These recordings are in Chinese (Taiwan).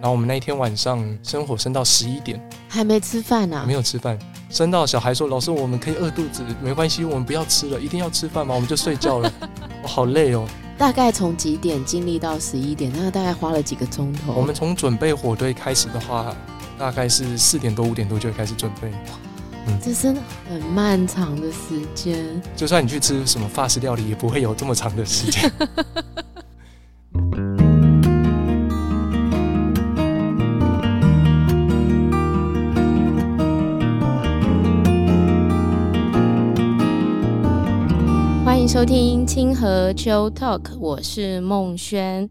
然後我們那一天晚上生火生到十一點，還沒吃飯呢、啊。沒有吃飯，生到小孩說：“老師，我們可以餓肚子，沒關係，我們不要吃了，一定要吃飯嗎？”我們就睡覺了。我、 哦、好累哦。大概從幾點經歷到十一點，那大概花了幾個鐘頭？我們從準備火堆開始的話，大概是四點多五點多就開始準備。嗯，這是很漫長的時間。就算你去吃什麼法式料理，也不會有這麼長的時間。 收聽清和秋 Talk，我是夢軒。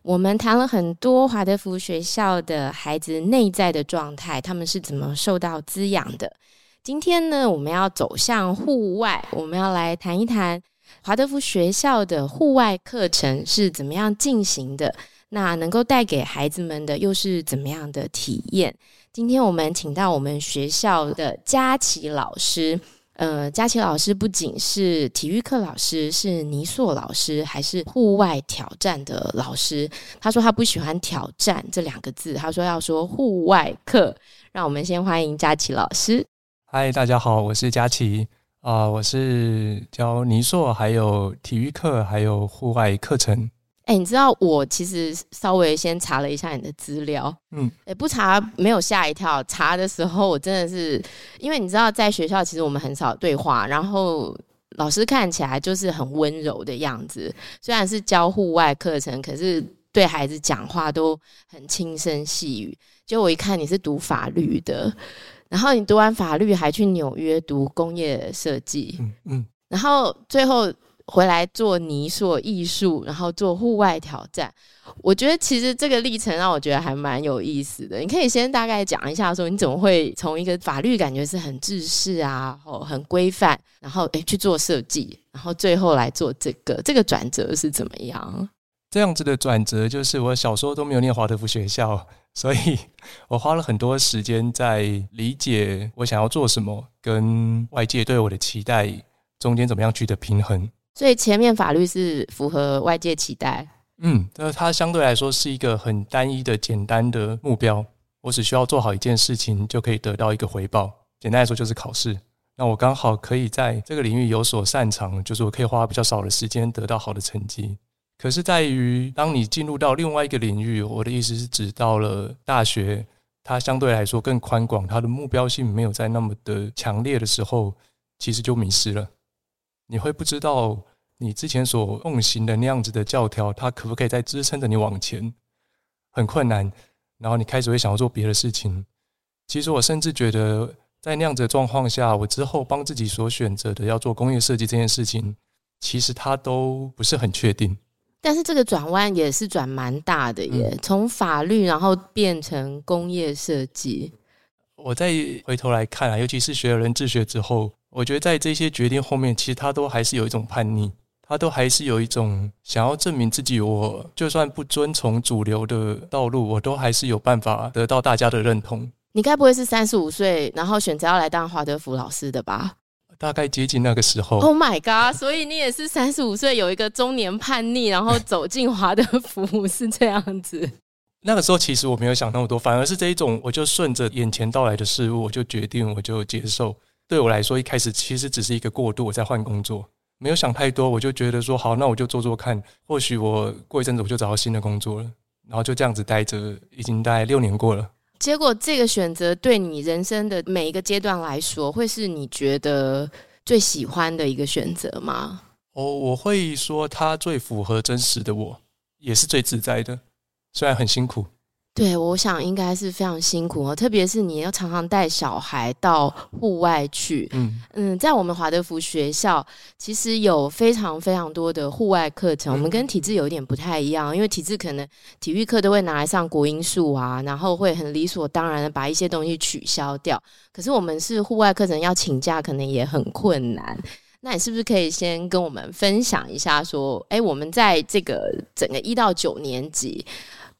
我們談了很多華德福學校的孩子內在的狀態，他們是怎麼受到滋養的。今天呢，我們要走向戶外，我們要來談一談華德福學校的戶外課程是怎麼樣進行的。那能夠帶給孩子們的又是怎麼樣的體驗？今天我們請到我們學校的家齊老師。呃，家齊老師不僅是體育課老師，是泥塑老師，還是戶外挑戰的老師。他說他不喜歡“挑戰”這兩個字，他說要說“戶外課”。讓我們先歡迎家齊老師。Hi，大家好，我是家齊啊，呃，我是教泥塑，還有體育課，還有戶外課程。哎、欸，你知道我其實稍微先查了一下你的資料，嗯，哎，不查沒有嚇一跳，查的時候我真的是，因為你知道在學校其實我們很少對話，然後老師看起來就是很溫柔的樣子，雖然是教戶外課程，可是對孩子講話都很輕聲細語。結果我一看你是讀法律的，然後你讀完法律還去紐約讀工業設計，嗯，然後最後。回來做泥塑藝術，然後做戶外挑戰。我覺得其實這個歷程讓、啊、我覺得還蠻有意思的。你可以先大概講一下，說你怎麼會從一個法律感覺是很制式啊，哦、很規範，然後誒去做設計，然後最後來做這個這個轉折是怎麼樣？這樣子的轉折就是我小時候都沒有念華德福學校，所以我花了很多時間在理解我想要做什麼跟外界對我的期待中間怎麼樣取得平衡。所以前面法律是符合外界期待，嗯，那它相對來說是一個很單一的、簡單的目標。我只需要做好一件事情，就可以得到一個回報。簡單來說就是考試。那我剛好可以在這個領域有所擅長，就是我可以花比較少的時間得到好的成績。可是，在於當你進入到另外一個領域，我的意思是，指到了大學，它相對來說更寬廣，它的目標性沒有在那麼的強烈的時候，其實就迷失了。你會不知道你之前所奉行的那樣子的教條，它可不可以再支撐着你往前？很困難，然後你開始會想要做別的事情。其實我甚至覺得，在那樣子的狀況下，我之後幫自己所選擇的要做工業設計這件事情，其實它都不是很確定。但是這個轉彎也是轉蠻大的耶，嗯，從法律然後變成工業設計。我再回頭來看啊，尤其是學了人智學之後。我覺得在這些決定後面，其實他都還是有一種叛逆，他都還是有一種想要證明自己。我就算不遵從主流的道路，我都還是有辦法得到大家的認同。你該不會是三十五歲，然後選擇要來當華德福老師的吧？大概接近那個時候。Oh my god！所以你也是三十五歲，有一個中年叛逆，然後走進華德福 是這樣子。那個時候其實我沒有想那麼多，反而是這一種，我就順着眼前到來的事物，我就決定，我就接受。對我來說，一開始其實只是一個過渡，我在換工作，沒有想太多，我就覺得說好，那我就做做看，或許我過一陣子我就找到新的工作了，然後就這樣子待着，已經待六年過了。結果這個選擇對你人生的每一個階段來說，會是你覺得最喜歡的一個選擇嗎？哦，我會說它最符合真實的我，也是最自在的，雖然很辛苦。對，我想應該是非常辛苦哦，特別是你要常常帶小孩到戶外去。嗯，嗯，在我們華德福學校，其實有非常非常多的戶外課程。我們跟體制有一點不太一樣，嗯、因為體制可能體育課都會拿來上國英數啊，然後會很理所當然的把一些東西取消掉。可是我們是戶外課程，要請假可能也很困難。那你是不是可以先跟我們分享一下，說，哎、欸，我們在這個整個一到九年級？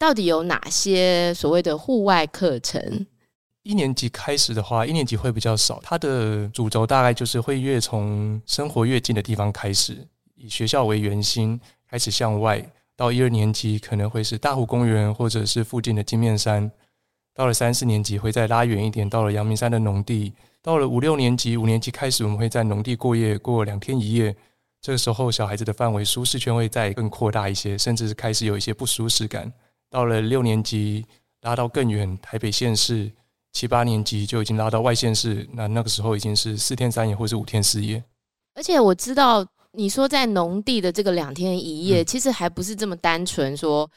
到底有哪些所謂的戶外課程？一年級開始的話，一年級會比較少。它的主軸大概就是會越從生活越近的地方開始，以學校為圓心開始向外。到一二年級可能會是大湖公園或者是附近的金面山。到了三四年級會再拉遠一點，到了陽明山的農地。到了五六年級，五年級開始我們會在農地過夜，過兩天一夜。這個時候小孩子的範圍舒適圈會再更擴大一些，甚至是開始有一些不舒適感。到了六年級，拉到更遠台北縣市；七八年級就已經拉到外縣市。那那個時候已經是四天三夜，或是五天四夜。而且我知道，你說在農地的這個兩天一夜，嗯，其實還不是這麼單純說。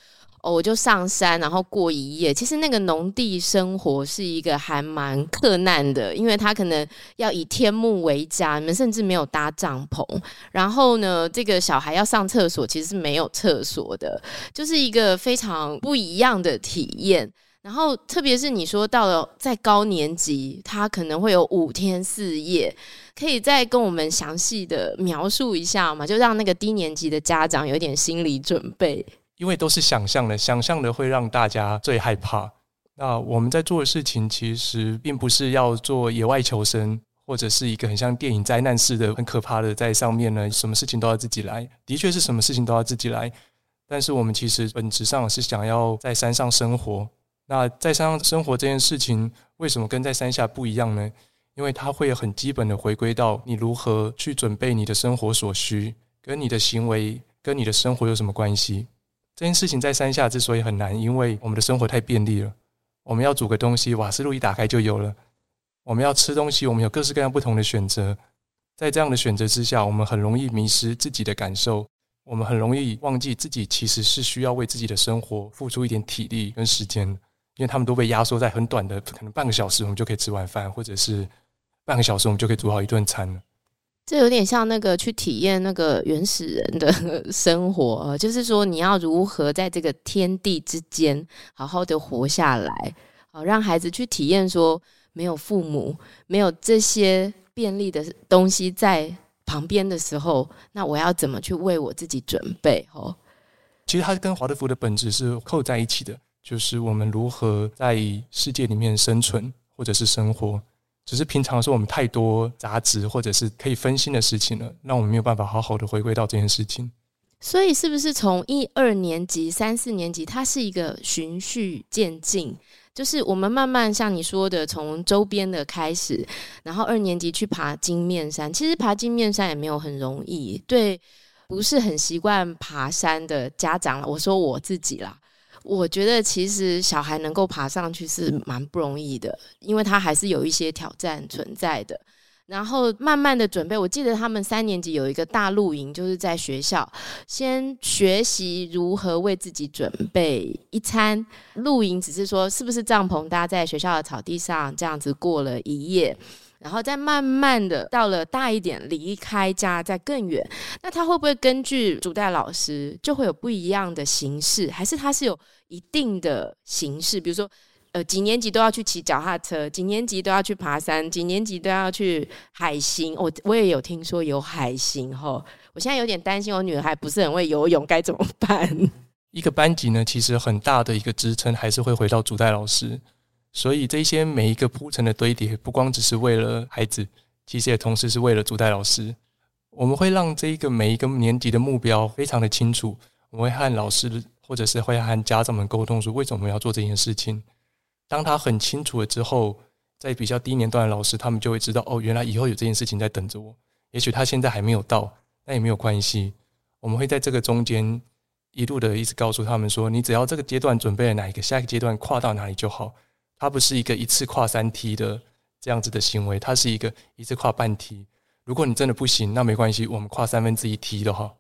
哦、oh，我就上山，然後過一夜。其實那個農地生活是一個還蠻克難的，因為他可能要以天幕為家，你們甚至沒有搭帳篷。然後呢，這個小孩要上廁所，其實是沒有廁所的，就是一個非常不一樣的體驗。然後，特別是你說到了在高年級，他可能會有五天四夜，可以再跟我們詳細的描述一下嘛，就讓那個低年級的家長有點心理準備。因為都是想象的，想象的會讓大家最害怕。那我們在做的事情，其實並不是要做野外求生，或者是一個很像電影災難似的、很可怕的在上面呢。什麼事情都要自己來，的確是什麼事情都要自己來。但是我們其實本質上是想要在山上生活。那在山上生活這件事情，為什麼跟在山下不一樣呢？因為它會很基本的回歸到你如何去準備你的生活所需，跟你的行為，跟你的生活有什麼關係。這件事情在山下之所以很難，因為我們的生活太便利了。我們要煮個東西，瓦斯爐一打開就有了；我們要吃東西，我們有各式各樣不同的選擇。在這樣的選擇之下，我們很容易迷失自己的感受，我們很容易忘記自己其實是需要為自己的生活付出一點體力跟時間。因為他們都被壓縮在很短的，可能半個小時，我們就可以吃晚飯，或者是半個小時，我們就可以煮好一頓餐了。這有點像那個去體驗那個原始人的生活，就是說你要如何在這個天地之間好好的活下來，哦，讓孩子去體驗說沒有父母、沒有這些便利的東西在旁邊的時候，那我要怎麼去為我自己準備？哦，其實它跟華德福的本質是扣在一起的，就是我們如何在世界裡面生存或者是生活。只、就是平常說我們太多雜質或者是可以分心的事情了，讓我們沒有辦法好好的回歸到這件事情。所以是不是從一二年級、三四年級，它是一個循序漸進，就是我們慢慢像你說的，從周邊的開始，然後二年級去爬金面山，其實爬金面山也沒有很容易，對不是很習慣爬山的家長，我說我自己啦。我覺得其實小孩能夠爬上去是蠻不容易的，因為他還是有一些挑戰存在的。然後慢慢的準備，我記得他們三年級有一個大露營，就是在學校先學習如何為自己準備一餐。露營只是說是不是帳篷搭在學校的草地上，這樣子過了一夜。然後再慢慢的到了大一點，離開家再更遠，那他會不會根據主帶老師就會有不一樣的形式？還是他是有一定的形式？比如說，呃，幾年級都要去騎腳踏車，幾年級都要去爬山，幾年級都要去海行。我、哦、我也有聽說有海行吼，我現在有點擔心我女兒還不是很會游泳，該怎麼辦？一個班級呢，其實很大的一個支撐還是會回到主帶老師。所以這些每一個鋪陳的堆疊，不光只是為了孩子，其實也同時是為了主帶老師。我們會讓這一個每一個年級的目標非常的清楚。我們會和老師或者是會和家長們溝通說，為什麼我們要做這件事情？當他很清楚了之後，在比較低年段的老師，他們就會知道哦，原來以後有這件事情在等着我。也許他現在還沒有到，那也沒有關係。我們會在這個中間一路的一直告訴他們說，你只要這個階段準備了哪一個，下一個階段跨到哪裡就好。它不是一個一次跨三梯的這樣子的行為，它是一個一次跨半梯。如果你真的不行，那沒關係，我們跨三分之一梯的哈。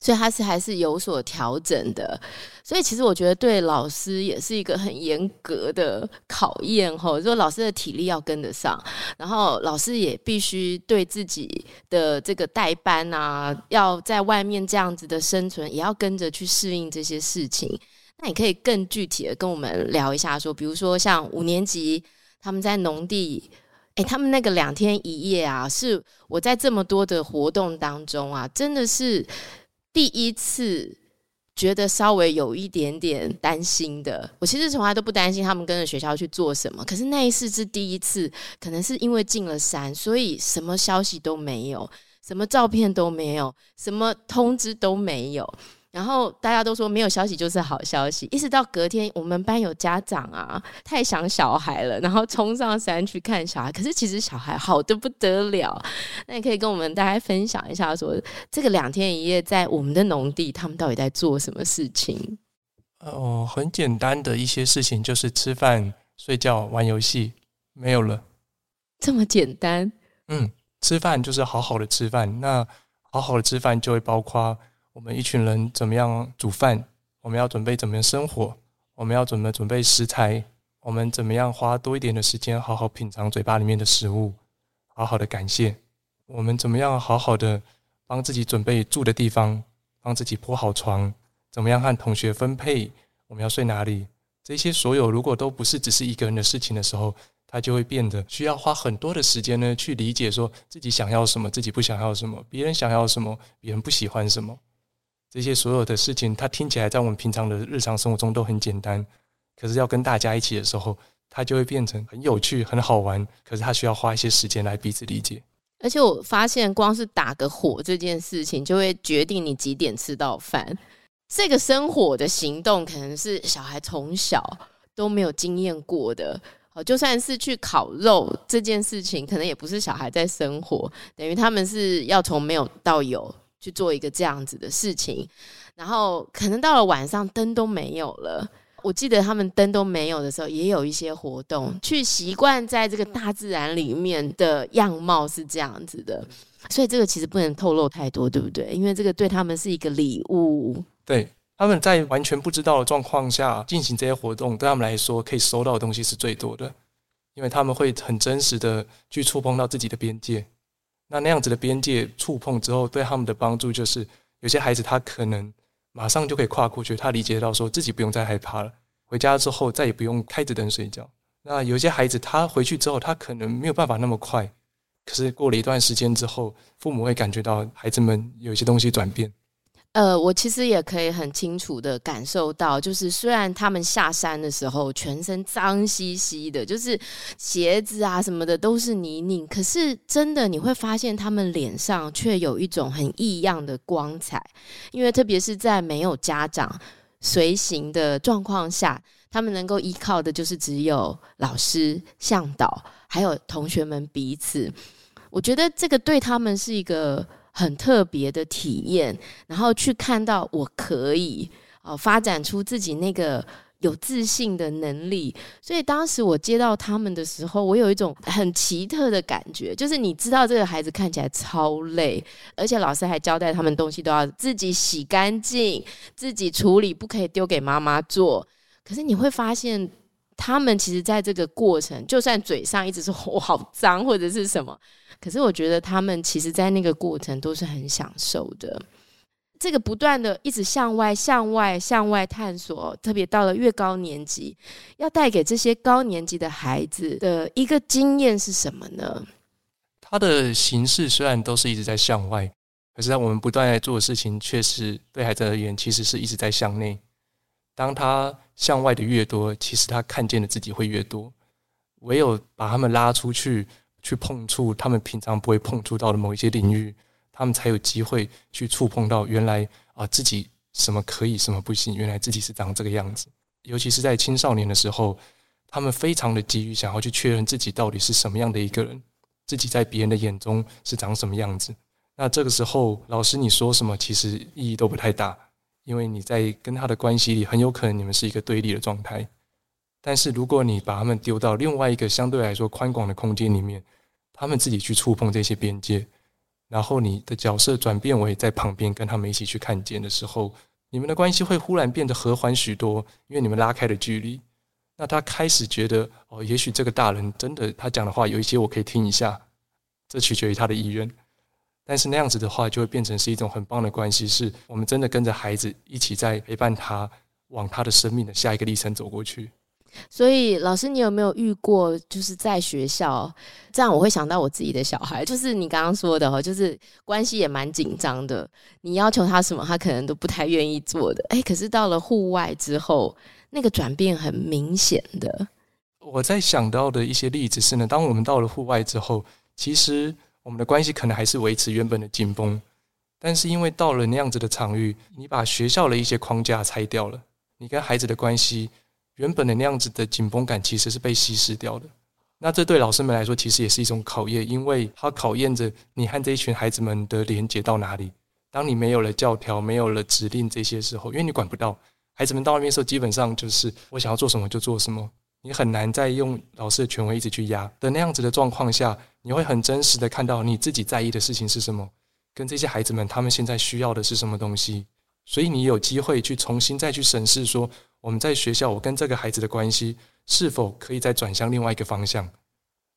所以它是還是有所調整的。所以其實我覺得對老師也是一個很嚴格的考驗哈。如果老師的體力要跟得上，然後老師也必須對自己的這個代班啊，要在外面這樣子的生存，也要跟着去適應這些事情。那你可以更具體的跟我們聊一下說，說比如說像五年級他們在農地，誒、欸，他們那個兩天一夜啊，是我在這麼多的活動當中啊，真的是第一次覺得稍微有一點點擔心的。我其實從來都不擔心他們跟着學校去做什麼，可是那一次是第一次，可能是因為進了山，所以什麼消息都沒有，什麼照片都沒有，什麼通知都沒有。然後大家都說沒有消息就是好消息，一直到隔天，我們班有家長啊，太想小孩了，然後衝上山去看小孩。可是其實小孩好得不得了，那你可以跟我們大家分享一下說，說這個兩天一夜在我們的農地，他們到底在做什麼事情？哦、呃，很簡單的一些事情，就是吃飯、睡覺、玩遊戲，沒有了。這麼簡單？嗯，吃飯就是好好的吃飯，那好好的吃飯就會包括。我們一群人怎麼樣煮飯？我們要準備怎麼樣生火？我們要怎麼準備食材？我們怎麼樣花多一點的時間，好好品嘗嘴巴裡面的食物，好好的感謝？我們怎麼樣好好的幫自己準備住的地方，幫自己鋪好床？怎麼樣和同學分配？我們要睡哪裡？這些所有如果都不是只是一個人的事情的時候，它就會變得需要花很多的時間呢，去理解說自己想要什麼，自己不想要什麼，別人想要什麼，別人不喜歡什麼。這些所有的事情，它聽起來在我們平常的日常生活中都很簡單，可是要跟大家一起的時候，它就會變成很有趣、很好玩。可是它需要花一些時間來彼此理解。而且我發現，光是打個火這件事情，就會決定你幾點吃到飯。這個生火的行動，可能是小孩從小都沒有經驗過的。好，就算是去烤肉這件事情，可能也不是小孩在生火，等於他們是要從沒有到有。去做一個這樣子的事情，然後可能到了晚上燈都沒有了。我記得他們燈都沒有的時候，也有一些活動，去習慣在這個大自然裡面的樣貌是這樣子的。所以這個其實不能透露太多，對不對？因為這個對他們是一個禮物。對，他們在完全不知道的狀況下進行這些活動，對他們來說可以收到的東西是最多的，因為他們會很真實的去觸碰到自己的邊界。那那樣子的邊界觸碰之後，對他們的幫助就是，有些孩子他可能馬上就可以跨過去，他理解到說自己不用再害怕了。回家之後再也不用開着燈睡覺。那有些孩子他回去之後，他可能沒有辦法那麼快，可是過了一段時間之後，父母會感覺到孩子們有些東西轉變。呃，我其實也可以很清楚的感受到，就是雖然他們下山的時候全身髒兮兮的，就是鞋子啊什麼的都是泥濘，可是真的你會發現他們臉上卻有一種很異樣的光彩，因為特別是在沒有家長隨行的狀況下，他們能夠依靠的就是只有老師、嚮導，還有同學們彼此。我覺得這個對他們是一個。很特別的體驗，然後去看到我可以哦，發展出自己那個有自信的能力。所以當時我接到他們的時候，我有一種很奇特的感覺，就是你知道這個孩子看起來超累，而且老師還交代他們東西都要自己洗乾淨、自己處理，不可以丟給媽媽做。可是你會發現他們其實，在這個過程，就算嘴上一直說“我好髒”或者是什麼，可是我覺得他們其實，在那個過程都是很享受的。這個不斷的一直向外、向外、向外探索，特別到了越高年級，要帶給這些高年級的孩子的一個經驗是什麼呢？他的形式雖然都是一直在向外，可是讓我們不斷在做的事情，卻是對孩子而言，其實是一直在向內。當他。向外的越多，其實他看見的自己會越多。唯有把他們拉出去，去碰觸他們平常不會碰觸到的某一些領域，他們才有機會去觸碰到原來啊、呃、自己什麼可以，什麼不行。原來自己是長這個樣子。尤其是在青少年的時候，他們非常的急於想要去確認自己到底是什麼樣的一個人，自己在別人的眼中是長什麼樣子。那這個時候，老師你說什麼，其實意義都不太大。因為你在跟他的關係裡，很有可能你們是一個對立的狀態。但是如果你把他們丟到另外一個相對來說寬廣的空間裡面，他們自己去觸碰這些邊界，然後你的角色轉變為在旁邊跟他們一起去看見的時候，你們的關係會忽然變得和緩許多，因為你們拉開了距離。那他開始覺得，哦，也許這個大人真的他講的話有一些我可以聽一下，這取決於他的意願。但是那樣子的話，就會變成是一種很棒的關係，是我們真的跟着孩子一起在陪伴他，往他的生命的下一個歷程走過去。所以，老師，你有沒有遇過？就是在學校這樣，我會想到我自己的小孩，就是你剛剛說的哦，就是關係也蠻緊張的。你要求他什麼，他可能都不太願意做的。哎，可是到了戶外之後，那個轉變很明顯的。我在想到的一些例子是呢，當我們到了戶外之後，其實。我們的關係可能還是維持原本的緊繃，但是因為到了那樣子的場域，你把學校的一些框架拆掉了，你跟孩子的關係原本的那樣子的緊繃感其實是被稀釋掉的。那這對老師們來說其實也是一種考驗，因為他考驗着你和這一群孩子們的連結到哪裡。當你沒有了教條、沒有了指令這些時候，因為你管不到，孩子們到那邊時候基本上就是我想要做什麼就做什麼。你很難再用老師的權威一直去壓的那樣子的狀況下，你會很真實的看到你自己在意的事情是什麼，跟這些孩子們他們現在需要的是什麼東西，所以你有機會去重新再去審視說，我們在學校我跟這個孩子的關係是否可以再轉向另外一個方向？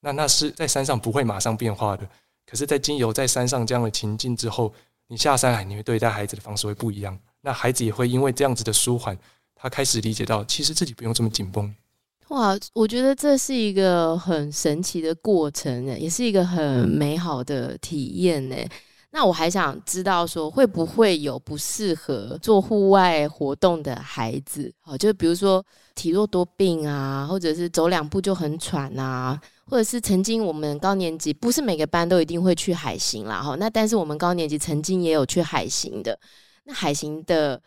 那那是在山上不會馬上變化的，可是，在經由在山上這樣的情境之後，你下山來，你會對待孩子的方式會不一樣，那孩子也會因為這樣子的舒緩，他開始理解到其實自己不用這麼緊繃。哇，我覺得這是一個很神奇的過程，也是一個很美好的體驗呢。那我還想知道說，說會不會有不適合做戶外活動的孩子？哦，就比如說體弱多病啊，或者是走兩步就很喘啊，或者是曾經我們高年級不是每個班都一定會去海行啦。哈。那但是我們高年級曾經也有去海行的，那海行的。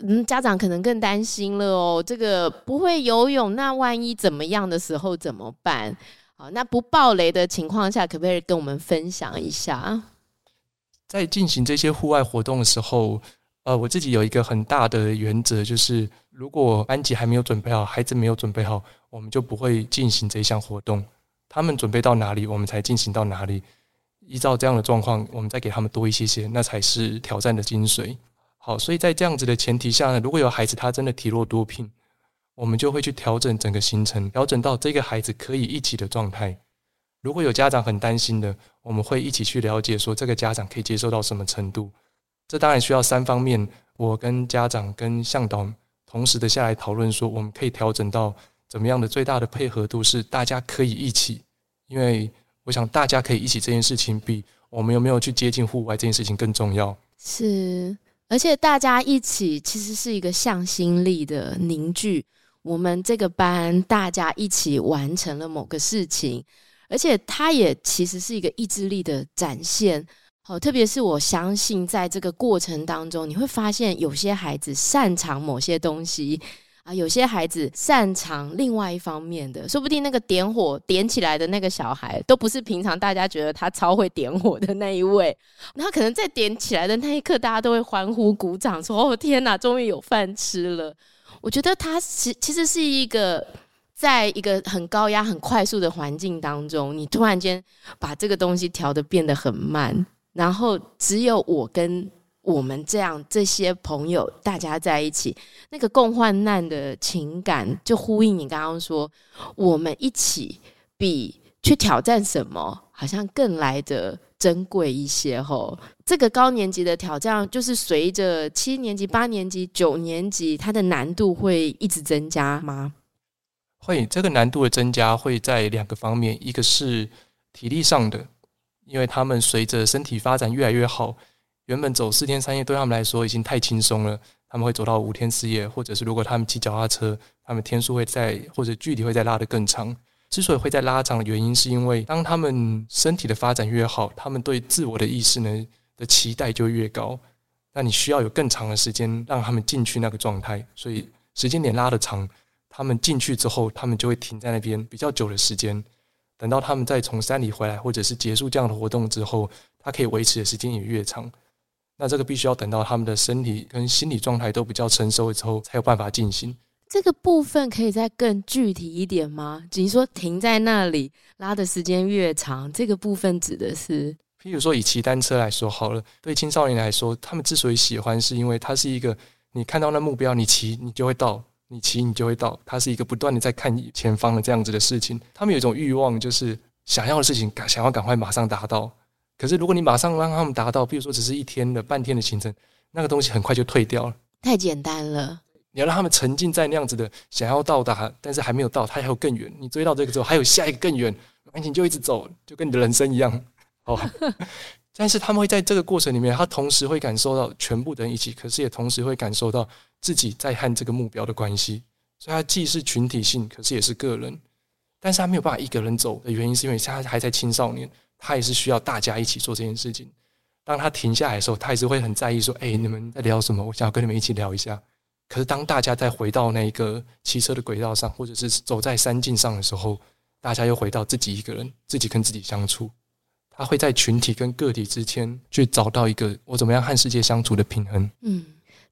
嗯，家長可能更擔心了哦。這個不會游泳，那萬一怎麼樣的時候怎麼辦？好，那不爆雷的情況下，可不可以跟我們分享一下？在進行這些戶外活動的時候，呃，我自己有一個很大的原則，就是如果班級還沒有準備好，孩子沒有準備好，我們就不會進行這項活動。他們準備到哪裡，我們才進行到哪裡。依照這樣的狀況，我們再給他們多一些些，那才是挑戰的精髓。好，所以在這樣子的前提下呢，如果有孩子他真的體弱多病，我們就會去調整整個行程，調整到這個孩子可以一起的狀態。如果有家長很擔心的，我們會一起去了解，說這個家長可以接受到什麼程度。這當然需要三方面，我跟家長跟向導同時的下來討論，說我們可以調整到怎麼樣的最大的配合度是大家可以一起。因為我想大家可以一起這件事情，比我們有沒有去接近戶外這件事情更重要。是。而且大家一起，其實是一個向心力的凝聚。我們這個班大家一起完成了某個事情，而且它也其實是一個意志力的展現。好，特別是我相信，在這個過程當中，你會發現有些孩子擅長某些東西。啊，有些孩子擅長另外一方面的，說不定那個點火點起來的那個小孩，都不是平常大家覺得他超會點火的那一位。那可能在點起來的那一刻，大家都會歡呼鼓掌，說：“哦，天哪，終於有飯吃了！”我覺得他其其實是一個，在一個很高壓、很快速的環境當中，你突然間把這個東西調得變得很慢，然後只有我跟，我們這樣，這些朋友大家在一起，那個共患難的情感，就呼應你剛剛說，我們一起比去挑戰什麼，好像更來得珍貴一些。吼，這個高年級的挑戰，就是隨着七年級、八年級、九年級，它的難度會一直增加嗎？會，這個難度的增加會在兩個方面，一個是體力上的，因為他們隨着身體發展越來越好。原本走四天三夜對他們來說已經太輕鬆了，他們會走到五天四夜，或者是如果他們騎腳踏車，他們天數會再或者距離會再拉得更長。之所以會再拉長的原因，是因為當他們身體的發展越好，他們對自我的意識呢的期待就越高。那你需要有更長的時間讓他們進去那個狀態，所以時間點拉得長，他們進去之後，他們就會停在那邊比較久的時間。等到他們再從山裡回來，或者是結束這樣的活動之後，他可以維持的時間也越長。那這個必須要等到他們的身體跟心理狀態都比較成熟之後，才有辦法進行。這個部分可以再更具體一點嗎？只是說停在那裡拉的時間越長，這個部分指的是？譬如說以騎單車來說好了，對青少年來說，他們之所以喜歡，是因為它是一個你看到那目標，你騎你就會到，你騎你就會到，它是一個不斷的在看前方的這樣子的事情。他們有一種慾望，就是想要的事情，想要趕快馬上達到。可是，如果你馬上讓他們達到，比如說只是一天的、半天的行程，那個東西很快就退掉了。太簡單了！你要讓他們沉浸在那樣子的，想要到達，但是還沒有到，他還有更遠。你追到這個之後，還有下一個更遠，完全就一直走，就跟你的人生一樣哦。 但是他們會在這個過程裡面，他同時會感受到全部的人一起，可是也同時會感受到自己在和這個目標的關係。所以，他既是群體性，可是也是個人。但是他沒有辦法一個人走的原因，是因為他還在青少年。他也是需要大家一起做這件事情。當他停下來的時候，他也是會很在意說：“哎，你們在聊什麼？我想要跟你們一起聊一下。”可是當大家再回到那一個騎車的軌道上，或者是走在山徑上的時候，大家又回到自己一個人，自己跟自己相處。他會在群體跟個體之間去找到一個我怎麼樣和世界相處的平衡。嗯。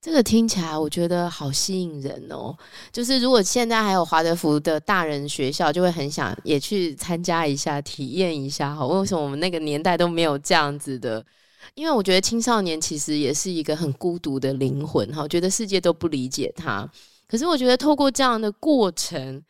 這個聽起來我覺得好吸引人哦！就是如果現在還有華德福的大人學校，就會很想也去參加一下、體驗一下哈。為什麼我們那個年代都沒有這樣子的？因為我覺得青少年其實也是一個很孤獨的靈魂哈，覺得世界都不理解他。可是我覺得透過這樣的過程，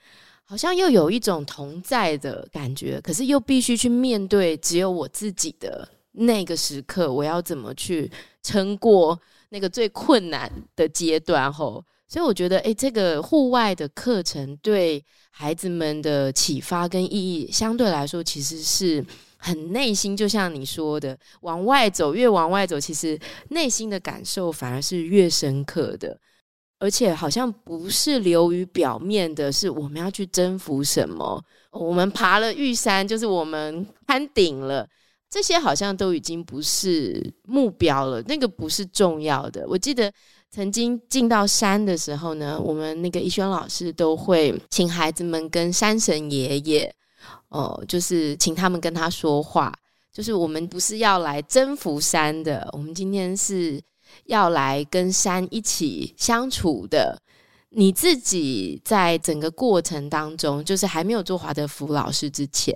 好像又有一種同在的感覺。可是又必須去面對只有我自己的那個時刻，我要怎麼去撐過？那個最困難的階段，吼，所以我覺得，誒，這個戶外的課程對孩子們的啟發跟意義，相對來說，其實是很內心。就像你說的，往外走，越往外走，其實內心的感受反而是越深刻的，而且好像不是流於表面的。是，我們要去征服什麼？我們爬了玉山，就是我們攀頂了。這些好像都已經不是目標了，那個不是重要的。我記得曾經進到山的時候呢，我們那個醫生老師都會請孩子們跟山神爺爺，哦、呃，就是請他們跟他說話。就是我們不是要來征服山的，我們今天是要來跟山一起相處的。你自己在整個過程當中，就是還沒有做華德福老師之前，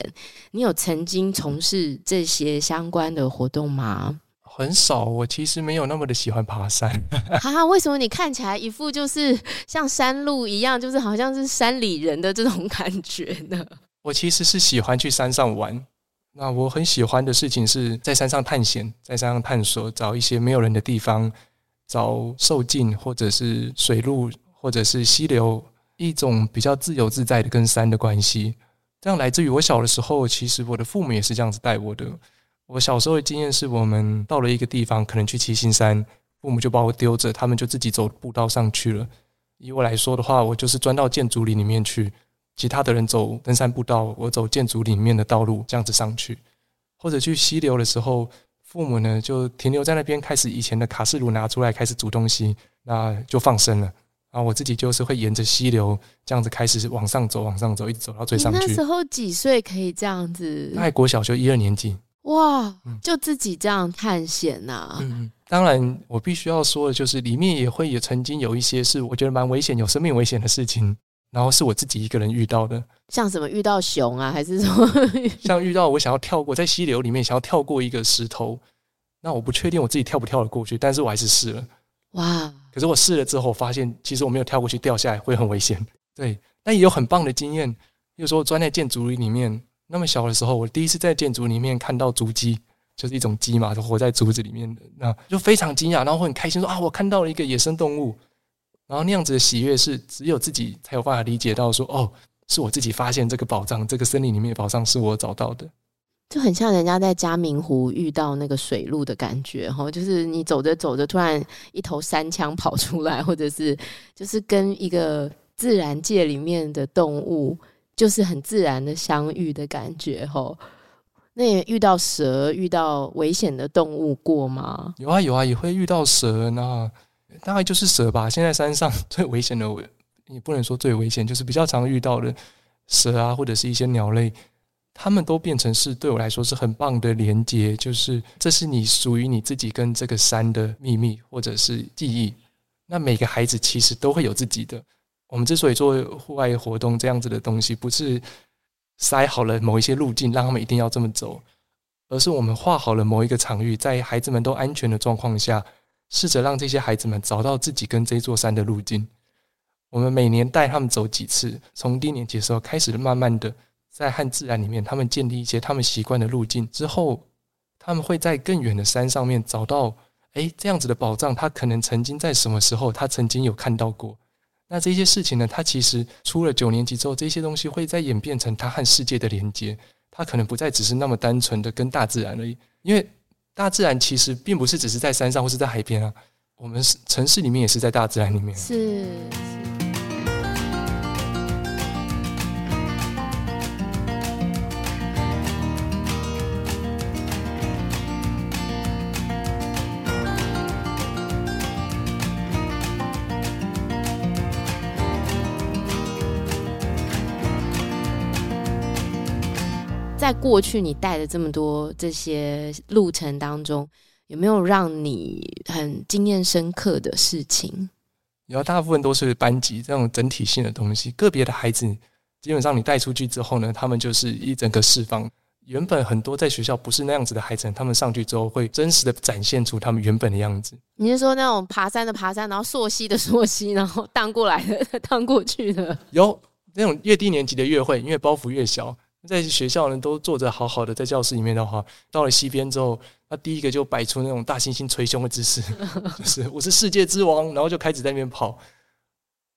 你有曾經從事這些相關的活動嗎？很少，我其實沒有那麼的喜歡爬山。哈 哈、啊，為什麼你看起來一副就是像山路一樣，就是好像是山裡人的這種感覺呢？我其實是喜歡去山上玩。那我很喜歡的事情是在山上探險，在山上探索，找一些沒有人的地方，找獸徑或者是水路。或者是溪流，一種比較自由自在的跟山的關係，這樣來自於我小的時候，其實我的父母也是這樣子帶我的。我小時候的經驗是我們到了一個地方，可能去七星山，父母就把我丟着，他們就自己走步道上去了。以我來說的話，我就是鑽到箭竹林裡面去，其他的人走登山步道，我走箭竹裡面的道路，這樣子上去。或者去溪流的時候，父母呢就停留在那邊，開始以前的卡式爐拿出來開始煮東西，那就放生了。我自己就是會沿着溪流這樣子開始往上走，往上走，一直走到最上去。欸、那時候幾歲可以這樣子？愛國小學一二年級。哇，就自己這樣探險吶、啊嗯。嗯。當然，我必須要說的就是，裡面也會有曾經有一些是我覺得蠻危險、有生命危險的事情，然後是我自己一個人遇到的。像什麼遇到熊啊，還是什麼？像遇到我想要跳過在溪流裡面，想要跳過一個石頭，那我不確定我自己跳不跳得過去，但是我還是試了。哇。可是我試了之後，發現其實我沒有跳過去，掉下來會很危險。對，但也有很棒的經驗，比如說我鑽在箭竹林裡面。那麼小的時候，我第一次在箭竹林裡面看到竹雞，就是一種雞嘛，就活在竹子裡面的，那就非常驚訝，然後會很開心說啊，我看到了一個野生動物。然後那樣子的喜悅是只有自己才有辦法理解到說，說哦，是我自己發現這個寶藏，這個森林裡面的寶藏是我找到的。就很像人家在嘉明湖遇到那個水鹿的感覺，哦，就是你走着走着，突然一頭山羌跑出來，或者是就是跟一個自然界裡面的動物，就是很自然的相遇的感覺，哦。那也遇到蛇、遇到危險的動物過嗎？有啊，有啊，也會遇到蛇呢，大概就是蛇吧。現在山上最危險的，也不能說最危險，就是比較常遇到的蛇啊，或者是一些鳥類。他們都變成是對我來說是很棒的連接，就是這是你屬於你自己跟這個山的秘密或者是記憶。那每個孩子其實都會有自己的。我們之所以做戶外活動這樣子的東西，不是塞好了某一些路徑讓他們一定要這麼走，而是我們畫好了某一個場域，在孩子們都安全的狀況下，試着讓這些孩子們找到自己跟這座山的路徑。我們每年帶他們走幾次，從低年級的時候開始，慢慢的。在和自然裡面，他們建立一些他們習慣的路徑之後，他們會在更遠的山上面找到，哎、欸，這樣子的寶藏。他可能曾經在什麼時候，他曾經有看到過。那這些事情呢，他其實出了九年級之後，這些東西會再演變成他和世界的連接。他可能不再只是那麼單純的跟大自然而已，因為大自然其實並不是只是在山上或是在海邊啊。我們城市裡面也是在大自然裡面。是。在過去，你帶的這麼多這些路程當中，有沒有讓你很印象深刻的事情？然後大部分都是班級這種整體性的東西，個別的孩子基本上你帶出去之後呢，他們就是一整個釋放。原本很多在學校不是那樣子的孩子，他們上去之後會真實的展現出他們原本的樣子。你是說那種爬山的爬山，然後溯溪的溯溪，然後盪過來的盪過去的？有那種越低年級的越會，因為包袱越小。在學校呢，都坐着好好的，在教室裡面的話，到了溪邊之後，他第一個就擺出那種大猩猩捶胸的姿勢，就是我是世界之王，然後就開始在那邊跑。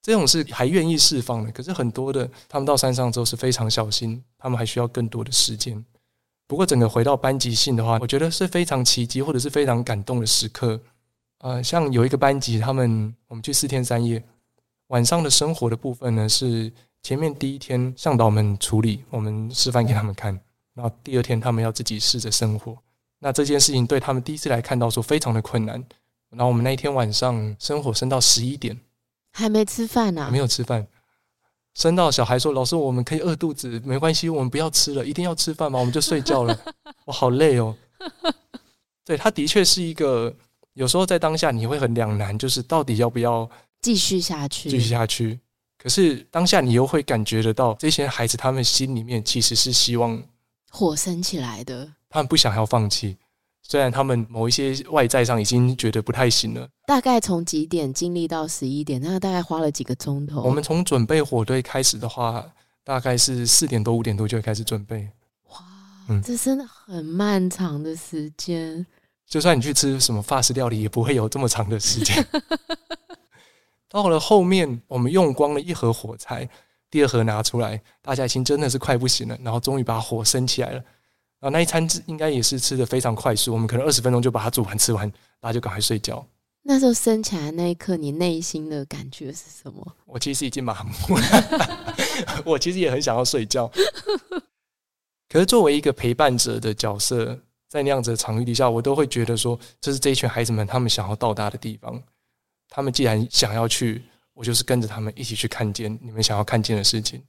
這種是還願意釋放的，可是很多的，他們到山上之後是非常小心，他們還需要更多的時間。不過，整個回到班級性的話，我覺得是非常奇蹟或者是非常感動的時刻。呃，像有一個班級，他們我們去四天三夜，晚上的生活的部分呢是。前面第一天，向導們處理，我們示範給他們看。然後第二天，他們要自己試着生火。那這件事情對他們第一次來看到，說非常的困難。然後我們那一天晚上生火生到十一點，還沒吃飯呢、啊。沒有吃飯，生到小孩說：“老師，我們可以餓肚子，沒關係，我們不要吃了，一定要吃飯嗎？”我們就睡覺了。我 好累哦。對，他的確是一個有時候在當下你會很兩難，就是到底要不要繼續下去？繼續下去。可是當下你又會感覺得到，這些孩子他們心裡面其實是希望火生起來的，他們不想要放棄。雖然他們某一些外在上已經覺得不太行了。大概從幾點經歷到十一點，那大概花了幾個鐘頭？我們從準備火堆開始的話，大概是四點多五點多就會開始準備。哇，這真的很漫長的時間。就算你去吃什麼法式料理，也不會有這麼長的時間。 到了後面，我們用光了一盒火柴，第二盒拿出來，大家已經真的是快不行了。然後終於把火生起來了，啊，那一餐應該也是吃得非常快速，我們可能二十分鐘就把它煮完吃完，大家就趕快睡覺。那時候升起來那一刻，你內心的感覺是什麼？我其實已經麻木了， 我其實也很想要睡覺。可是作為一個陪伴者的角色，在那樣子的場域底下，我都會覺得說，這是這一群孩子們他們想要到達的地方。他們既然想要去，我就是跟着他們一起去看見你們想要看見的事情。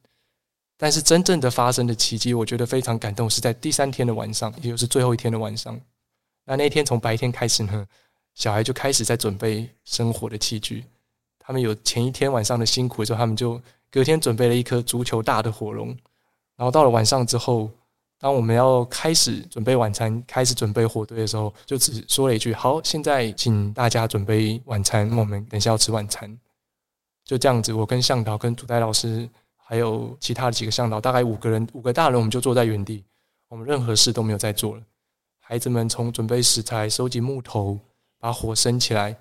但是真正的發生的奇跡，我覺得非常感動，是在第三天的晚上，也就是最後一天的晚上。那那天從白天開始呢，小孩就開始在準備生火的器具。他們有前一天晚上的辛苦之後，他們就隔天準備了一顆足球大的火龍。然後到了晚上之後，當我們要開始準備晚餐，開始準備火堆的時候，就只說了一句：“好，現在請大家準備晚餐，我們等一下要吃晚餐。”就這樣子，我跟嚮導、跟主帶老師，還有其他的幾個嚮導，大概五個人，五個大人，我們就坐在原地，我們任何事都沒有再做了。孩子們從準備食材、收集木頭、把火生起來，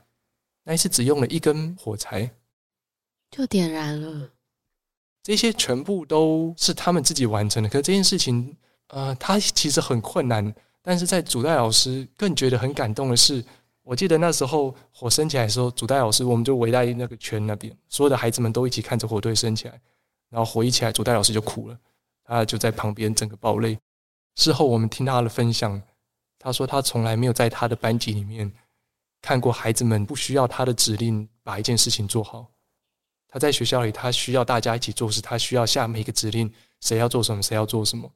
那一次只用了一根火柴就點燃了。這些全部都是他們自己完成的，可是這件事情。呃，他其實很困難，但是在主代老師更覺得很感動的是，我記得那時候火升起來的時候，主代老師我們就圍在那個圈那邊，所有的孩子們都一起看着火堆升起來，然後火一起來，主代老師就哭了，他就在旁邊整個爆淚。事後我們聽他的分享，他說他從來沒有在他的班級裡面看過孩子們不需要他的指令把一件事情做好。他在學校裡，他需要大家一起做事，他需要下每一個指令，誰要做什麼，誰要做什麼。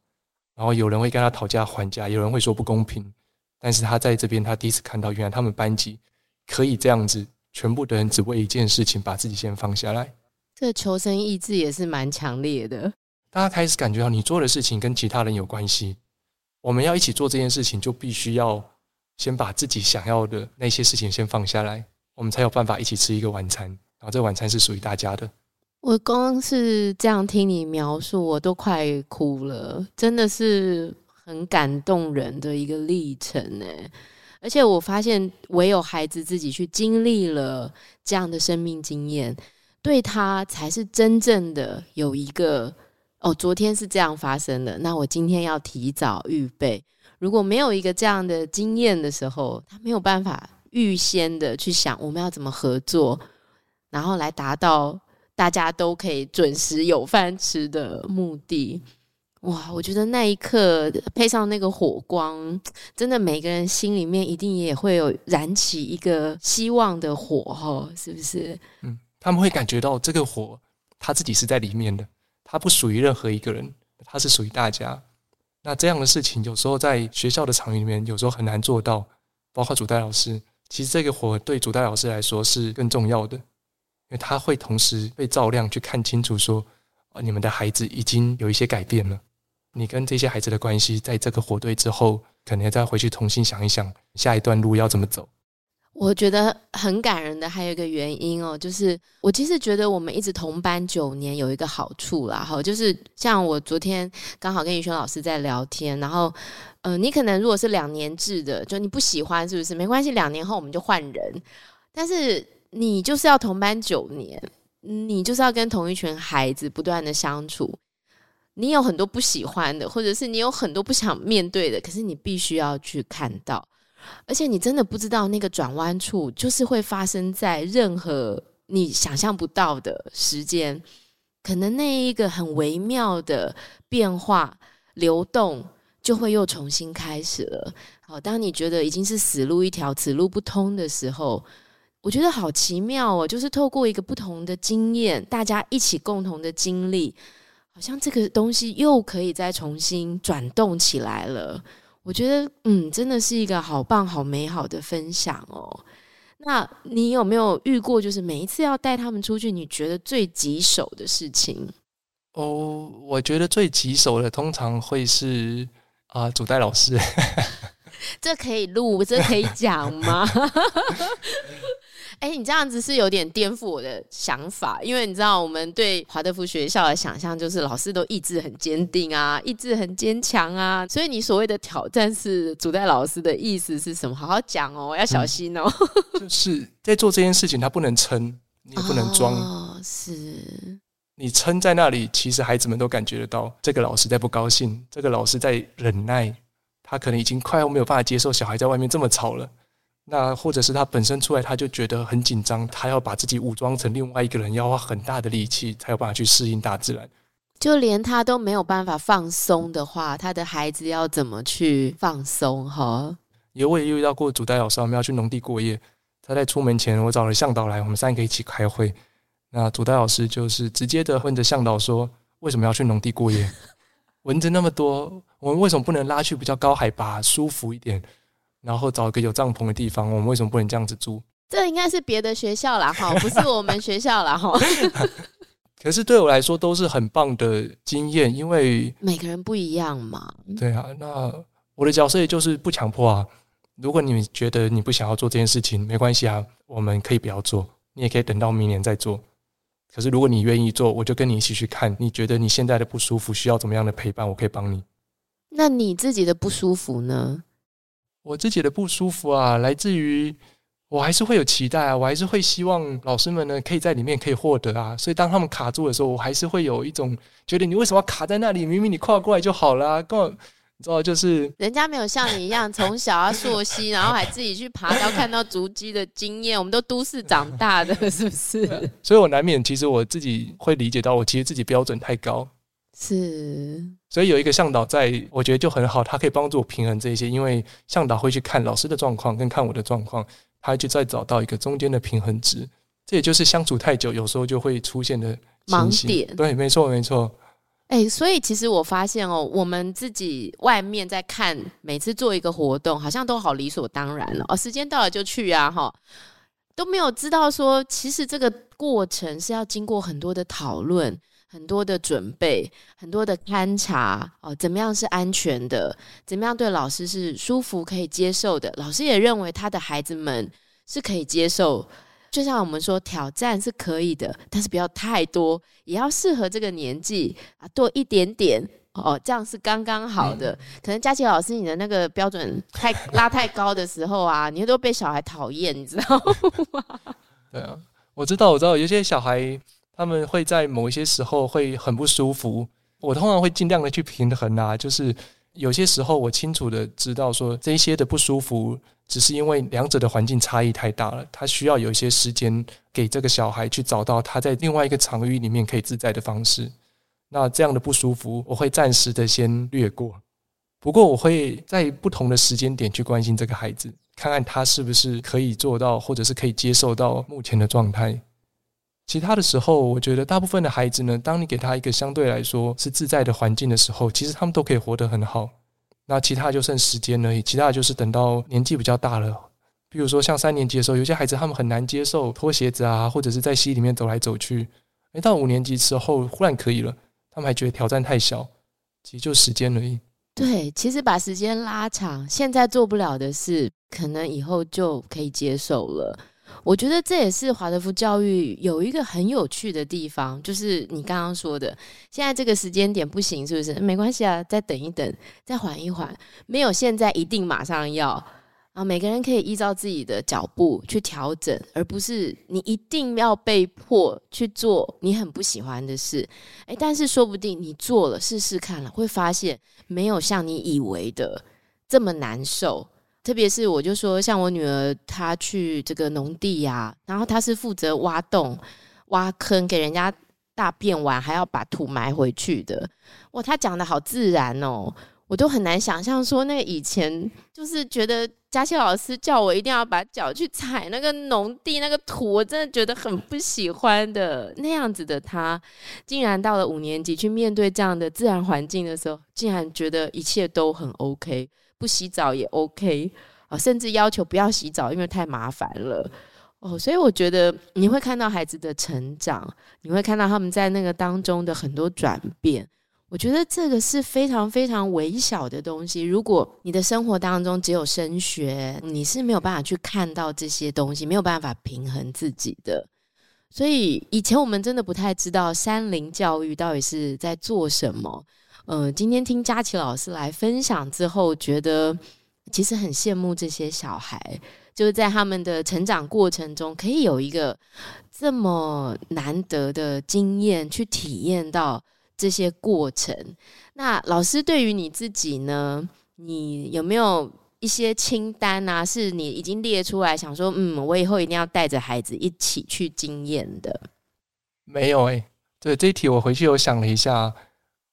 然後有人會跟他討價還價，有人會說不公平，但是他在這邊，他第一次看到，原來他們班級可以這樣子，全部的人只為一件事情，把自己先放下來。這求生意志也是蠻強烈的。大家開始感覺到，你做的事情跟其他人有關係，我們要一起做這件事情，就必須要先把自己想要的那些事情先放下來，我們才有辦法一起吃一個晚餐，然後這個晚餐是屬於大家的。我光是這樣聽你描述，我都快哭了，真的是很感動人的一個歷程哎！而且我發現，唯有孩子自己去經歷了這樣的生命經驗，對他才是真正的有一個哦。昨天是這樣發生的，那我今天要提早預備。如果沒有一個這樣的經驗的時候，他沒有辦法預先的去想我們要怎麼合作，然後來達到。大家都可以準時有飯吃的目的，哇！我覺得那一刻配上那個火光，真的每個人心裡面一定也會有燃起一個希望的火，哈，是不是？嗯，他們會感覺到這個火他自己是在裡面的，它不屬於任何一個人，它是屬於大家。那這樣的事情有時候在學校的場域裡面，有時候很難做到。包括主帶老師，其實這個火對主帶老師來說是更重要的。他會同時被照亮，去看清楚說：你們的孩子已經有一些改變了。你跟這些孩子的關係，在這個火堆之後，可能再回去重新想一想，下一段路要怎麼走。我覺得很感人的，還有一個原因哦，就是我其實覺得我們一直同班九年有一個好處啦，哈，就是像我昨天剛好跟宇軒老師在聊天，然後，嗯，你可能如果是兩年制的，就你不喜歡是不是？沒關係，兩年後我們就換人，但是。你就是要同班九年，你就是要跟同一群孩子不斷的相處。你有很多不喜歡的，或者是你有很多不想面對的，可是你必須要去看到。而且你真的不知道那個轉彎處，就是會發生在任何你想象不到的時間。可能那一個很微妙的變化、流動，就會又重新開始了。好，當你覺得已經是死路一條、此路不通的時候。我覺得好奇妙哦，就是透過一個不同的經驗，大家一起共同的經歷，好像這個東西又可以再重新轉動起來了。我覺得，嗯，真的是一個好棒、好美好的分享哦。那你有沒有遇過，就是每一次要帶他們出去，你覺得最棘手的事情？哦，我覺得最棘手的通常會是啊，主帶老師。 這可以錄，這可以講嗎？ 哎、欸，你這樣子是有點顛覆我的想法，因為你知道，我們對華德福學校的想象就是老師都意志很堅定啊，意志很堅強啊。所以你所謂的挑戰是主帶老師的意思是什麼？好好講哦，要小心哦。嗯、就是在做這件事情，他不能撐，你也不能裝、哦。是，你撐在那裡，其實孩子們都感覺得到，這個老師在不高興，這個老師在忍耐，他可能已經快要沒有辦法接受小孩在外面這麼吵了。那或者是他本身出來，他就覺得很緊張，他要把自己武裝成另外一個人，要花很大的力氣才有辦法去適應大自然。就連他都沒有辦法放鬆的話，他的孩子要怎麼去放鬆？哈，因為我也遇到過，主代老師我們要去農地過夜，他在出門前，我找了向導來，我們三個一起開會。那主代老師就是直接的問着向導說：“為什麼要去農地過夜？蚊子那麼多，我們為什麼不能拉去比較高海拔，舒服一點？”然後找一個有帳篷的地方，我們為什麼不能這樣子住？這應該是別的學校啦。哈，不是我們學校啦。哈 可是對我來說都是很棒的經驗，因為每個人不一樣嘛。對啊，那我的角色也就是不強迫啊。如果你們覺得你不想要做這件事情，沒關係啊，我們可以不要做，你也可以等到明年再做。可是如果你願意做，我就跟你一起去看。你覺得你現在的不舒服，需要怎麼樣的陪伴？我可以幫你。那你自己的不舒服呢？我自己的不舒服啊，來自於我還是會有期待啊，我還是會希望老師們呢可以在裡面可以獲得啊，所以當他們卡住的時候，我還是會有一種覺得你為什麼卡在那裡？明明你跨過來就好了、啊，跟我你知道就是，人家沒有像你一樣從 小啊溯溪，然後還自己去爬，然 後看到足跡的經驗，我們都，都都市長大的，是不是、啊？所以我難免其實我自己會理解到，我其實自己標準太高。是，所以有一個嚮導在，我覺得就很好。他可以幫助我平衡這些，因為嚮導會去看老師的狀況，跟看我的狀況，他就再找到一個中間的平衡值。這也就是相處太久，有時候就會出現的盲點。對，沒錯，沒錯。哎、欸，所以其實我發現哦，我們自己外面在看，每次做一個活動，好像都好理所當然了。哦，時間到了就去呀、啊，哈，都沒有知道說，其實這個過程是要經過很多的討論。很多的準備，很多的勘察，哦，怎麼樣是安全的？怎麼樣對老師是舒服可以接受的？老師也認為他的孩子們是可以接受，就像我們說挑戰是可以的，但是不要太多，也要適合這個年紀啊，多一點點哦，這樣是剛剛好的。嗯。可能家齊老師你的那個標準太拉太高的時候啊， 你會都被小孩討厭，你知道嗎？ 對啊，我知道，我知道，有些小孩。他們會在某一些時候會很不舒服，我通常會盡量的去平衡啊。就是有些時候我清楚的知道說，這些的不舒服只是因為兩者的環境差異太大了，他需要有一些時間給這個小孩去找到他在另外一個場域裡面可以自在的方式。那這樣的不舒服，我會暫時的先略過。不過我會在不同的時間點去關心這個孩子，看看他是不是可以做到，或者是可以接受到目前的狀態。其他的時候，我覺得大部分的孩子呢，當你給他一個相對來說是自在的環境的時候，其實他們都可以活得很好。那其他就剩時間而已，其他就是等到年紀比較大了，比如說像三年級的時候，有些孩子他們很難接受脫鞋子啊，或者是在溪裡面走來走去。哎，到五年級之後忽然可以了，他們還覺得挑戰太小，其實就時間而已。對，其實把時間拉長，現在做不了的事，可能以後就可以接受了。我覺得這也是華德福教育有一個很有趣的地方，就是你剛剛說的，現在這個時間點不行，是不是？沒關係啊，再等一等，再緩一緩，沒有現在一定馬上要啊。每個人可以依照自己的腳步去調整，而不是你一定要被迫去做你很不喜歡的事。誒、欸，但是說不定你做了試試看了，會發現沒有像你以為的這麼難受。特別是，我就說，像我女兒，她去這個農地呀、啊，然後她是負責挖洞、挖坑，給人家大便完，還要把土埋回去的。哇，她講得好自然哦，我都很難想象說那個以前就是覺得家齊老師叫我一定要把腳去踩那個農地那個土，我真的覺得很不喜歡的那樣子的她。她竟然到了五年級去面對這樣的自然環境的時候，竟然覺得一切都很 OK。不洗澡也 OK，甚至要求不要洗澡，因為太麻煩了、oh, 所以我覺得你會看到孩子的成長，你會看到他們在那個當中的很多轉變。我覺得這個是非常非常微小的東西。如果你的生活當中只有升學，你是沒有辦法去看到這些東西，沒有辦法平衡自己的。所以以前我們真的不太知道三林教育到底是在做什麼。嗯、呃，今天聽家齊老師來分享之後，覺得其實很羨慕這些小孩，就是在他們的成長過程中可以有一個這麼難得的經驗，去體驗到這些過程。那老師對於你自己呢？你有沒有一些清單啊？是你已經列出來，想說，嗯，我以後一定要帶着孩子一起去經驗的？沒有誒、欸，對，這一題，我回去我想了一下。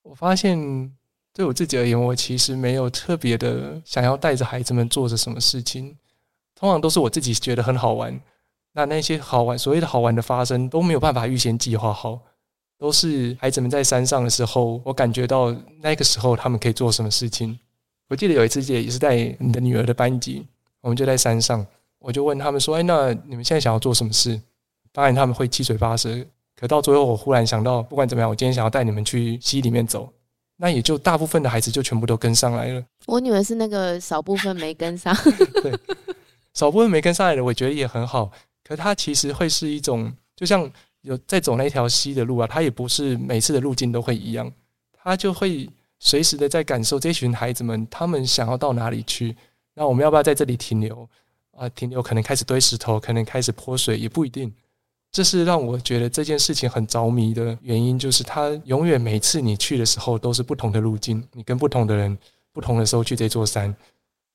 我發現，對我自己而言，我其實沒有特別的想要帶着孩子們做着什麼事情。通常都是我自己覺得很好玩。那那些好玩，所謂的好玩的發生，都沒有辦法預先計劃好。都是孩子們在山上的時候，我感覺到那個時候他們可以做什麼事情。我記得有一次姐也是在你的女兒的班級，我們就在山上，我就問他們說：“哎，那你們現在想要做什麼事？”當然他們會七嘴八舌。可到最後，我忽然想到，不管怎麼樣，我今天想要帶你們去溪裡面走，那也就大部分的孩子就全部都跟上來了。我女兒是那個少部分沒跟上， 對，少部分沒跟上來的，我覺得也很好。可是它其實會是一種，就像有在走那條溪的路啊，它也不是每次的路徑都會一樣，他就會隨時的在感受這群孩子們他們想要到哪裡去。那我們要不要在這裡停留啊，呃，停留可能開始堆石頭，可能開始潑水，也不一定。這是讓我覺得這件事情很着迷的原因，就是它永遠每次你去的時候都是不同的路徑，你跟不同的人、不同的時候去這座山，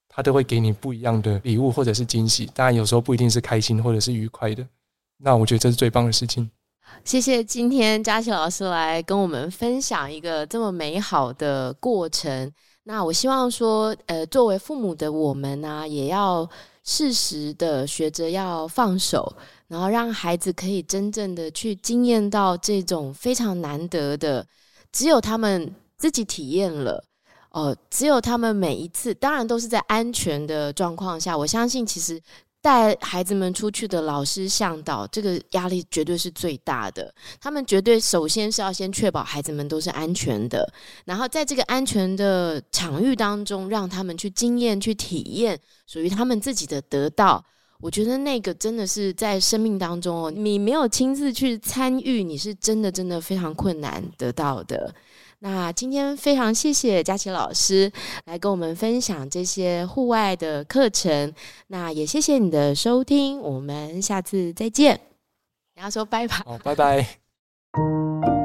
它都會給你不一樣的禮物或者是驚喜。當然，有時候不一定是開心或者是愉快的。那我覺得這是最棒的事情。謝謝今天家齊老師來跟我們分享一個這麼美好的過程。那我希望說，呃，作為父母的我們呢、啊，也要適時的學着要放手。然後讓孩子可以真正的去經驗到這種非常難得的，只有他們自己體驗了。哦、呃，只有他們每一次，當然都是在安全的狀況下。我相信，其實帶孩子們出去的老師向導，這個壓力絕對是最大的。他們絕對首先是要先確保孩子們都是安全的，然後在這個安全的場域當中，讓他們去經驗、去體驗屬於他們自己的得到。我覺得那個真的是在生命當中哦，你沒有親自去參與，你是真的真的非常困難得到的。那今天非常謝謝家齊老師來跟我們分享這些戶外的課程，那也謝謝你的收聽，我們下次再見，然後說拜拜哦，拜拜。